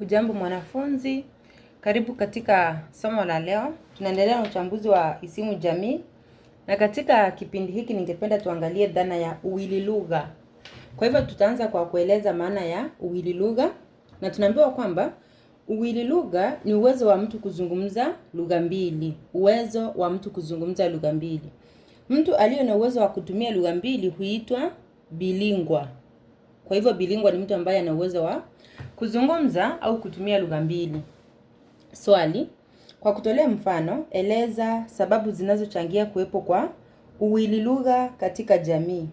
Hujambo mwanafunzi, karibu katika somo la leo. Tunaendelea na uchambuzi wa isimu jamii, na katika kipindi hiki ningependa tuangalie dhana ya uwili lugha. Kwa hivyo tutaanza kwa kueleza maana ya uwili lugha, na tunaambiwa kwamba uwili lugha ni uwezo wa mtu kuzungumza lugha mbili. Uwezo wa mtu kuzungumza lugha mbili. Mtu aliye na uwezo wa kutumia lugha mbili huitwa bilingwa. Kwa hivyo bilingwa ni mtu ambaye ana uwezo wa kuzungumza au kutumia lugha mbili. Swali: kwa kutolea mfano, eleza sababu zinazochangia kuwepo kwa uwili lugha katika jamii.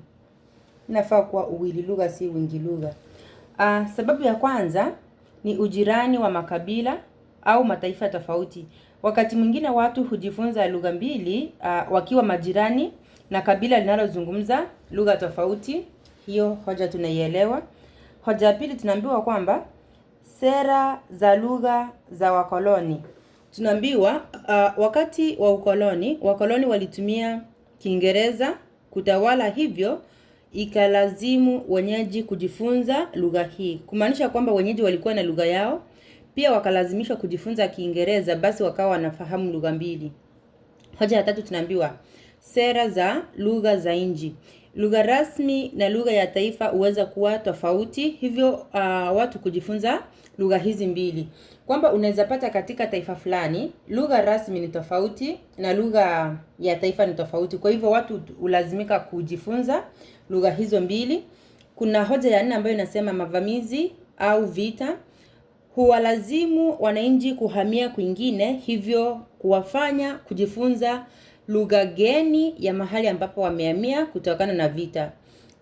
Inafaa kuwa uwili lugha, si wingi lugha. Uh, ah, sababu ya kwanza ni ujirani wa makabila au mataifa tofauti. Wakati mwingine watu hujifunza lugha mbili uh, wakiwa majirani na kabila linalozungumza lugha tofauti. Hiyo hoja tunaielewa. Hoja ya pili tunaambiwa kwamba Sera za lugha za wakoloni. Tunaambiwa uh, wakati wa ukoloni wakoloni walitumia Kiingereza kutawala, hivyo ikalazimu wenyeji kujifunza lugha hii, kumaanisha kwamba wenyeji walikuwa na lugha yao pia, wakalazimishwa kujifunza Kiingereza, basi wakawa wanafahamu lugha mbili. Hoja ya tatu tunaambiwa sera za lugha za nchi. Lugha rasmi na lugha ya taifa huweza kuwa tofauti, hivyo uh, watu kujifunza lugha hizi mbili, kwamba unaweza pata katika taifa fulani lugha rasmi ni tofauti na lugha ya taifa ni tofauti. Kwa hivyo watu ulazimika kujifunza lugha hizo mbili. Kuna hoja ya nne ambayo inasema mavamizi au vita huwalazimu wananchi kuhamia kwingine, hivyo kuwafanya kujifunza lugha geni ya mahali ambapo wamehamia kutokana na vita.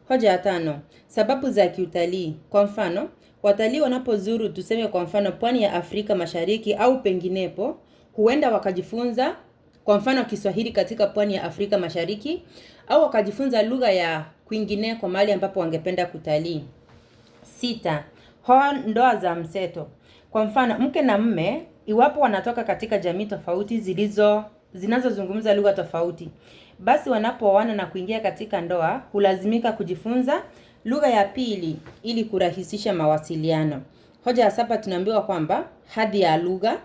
Hoja ya tano, sababu za kiutalii. Kwa mfano, watalii wanapozuru, tuseme kwa mfano, pwani ya Afrika Mashariki au penginepo, huenda wakajifunza kwa mfano Kiswahili katika pwani ya Afrika Mashariki au wakajifunza lugha ya kwingine kwa mahali ambapo wangependa kutalii. Sita, hoa ndoa za mseto. Kwa mfano, mke na mme iwapo wanatoka katika jamii tofauti zilizo zinazozungumza lugha tofauti. Basi wanapooana na kuingia katika ndoa hulazimika kujifunza lugha ya pili ili kurahisisha mawasiliano. Hoja ya saba tunaambiwa kwamba hadhi ya lugha,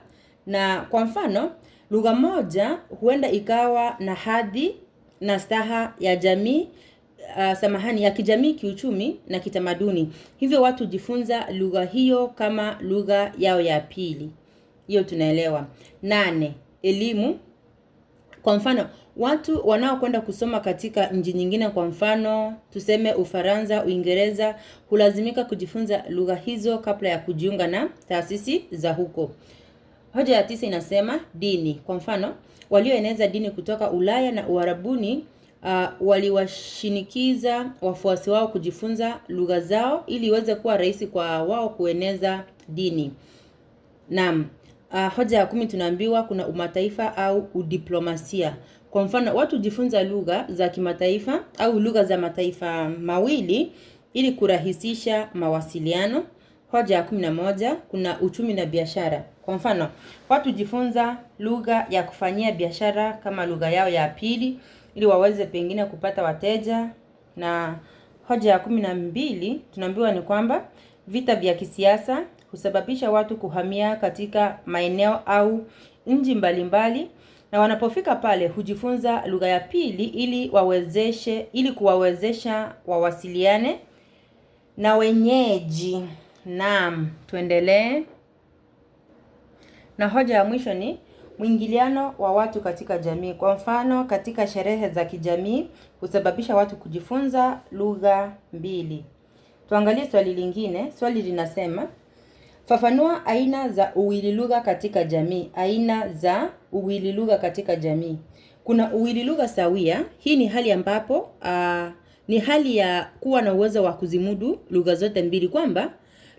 na kwa mfano lugha moja huenda ikawa na hadhi na staha ya jamii uh, samahani ya kijamii, kiuchumi na kitamaduni, hivyo watu hujifunza lugha hiyo kama lugha yao ya pili. Hiyo tunaelewa. Nane, elimu kwa mfano watu wanaokwenda kusoma katika nchi nyingine, kwa mfano tuseme Ufaransa, Uingereza, hulazimika kujifunza lugha hizo kabla ya kujiunga na taasisi za huko. Hoja ya tisa inasema dini. Kwa mfano walioeneza dini kutoka Ulaya na Uarabuni uh, waliwashinikiza wafuasi wao kujifunza lugha zao ili iweze kuwa rahisi kwa wao kueneza dini. Naam. Uh, hoja ya kumi tunaambiwa kuna umataifa au udiplomasia. Kwa mfano, watu hujifunza lugha za kimataifa au lugha za mataifa mawili ili kurahisisha mawasiliano. Hoja ya kumi na moja kuna uchumi na biashara. Kwa mfano, watu hujifunza lugha ya kufanyia biashara kama lugha yao ya pili ili waweze pengine kupata wateja. Na hoja ya kumi na mbili tunaambiwa ni kwamba vita vya kisiasa husababisha watu kuhamia katika maeneo au nchi mbalimbali, na wanapofika pale hujifunza lugha ya pili ili wawezeshe ili kuwawezesha wawasiliane na wenyeji. Naam, tuendelee na hoja ya mwisho ni mwingiliano wa watu katika jamii. Kwa mfano, katika sherehe za kijamii husababisha watu kujifunza lugha mbili. Tuangalie swali lingine. Swali linasema Fafanua aina za uwili lugha katika jamii. Aina za uwili lugha katika jamii. Kuna uwili lugha sawia. Hii ni hali ambapo uh, ni hali ya kuwa na uwezo wa kuzimudu lugha zote mbili, kwamba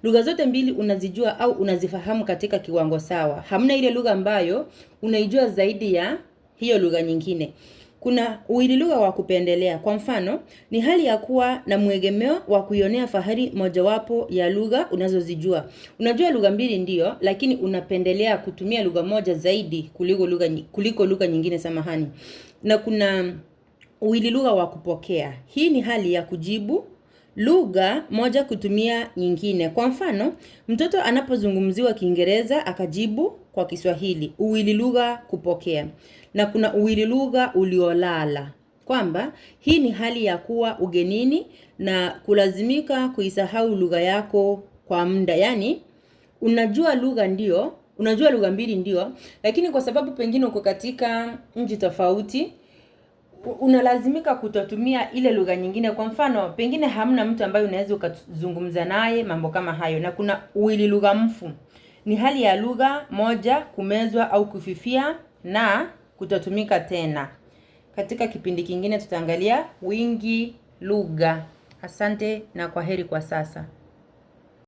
lugha zote mbili unazijua au unazifahamu katika kiwango sawa. Hamna ile lugha ambayo unaijua zaidi ya hiyo lugha nyingine kuna uililuga wa kupendelea. Kwa mfano, ni hali ya kuwa na mwegemeo wa kuionea fahari mojawapo ya lugha unazozijua. Unajua lugha mbili ndio, lakini unapendelea kutumia lugha moja zaidi kuliko lugha kuliko lugha nyingine, samahani. Na kuna uililuga wa kupokea. Hii ni hali ya kujibu lugha moja kutumia nyingine. Kwa mfano, mtoto anapozungumziwa Kiingereza akajibu kwa Kiswahili, uwili lugha kupokea, na kuna uwili lugha uliolala, kwamba hii ni hali ya kuwa ugenini na kulazimika kuisahau lugha yako kwa muda. Yani unajua lugha ndio, unajua lugha mbili ndio, lakini kwa sababu pengine uko katika nchi tofauti unalazimika kutotumia ile lugha nyingine. Kwa mfano, pengine hamna mtu ambaye unaweza ukazungumza naye mambo kama hayo, na kuna uwili lugha mfu ni hali ya lugha moja kumezwa au kufifia na kutotumika tena. Katika kipindi kingine tutaangalia wingi lugha. Asante na kwaheri kwa sasa.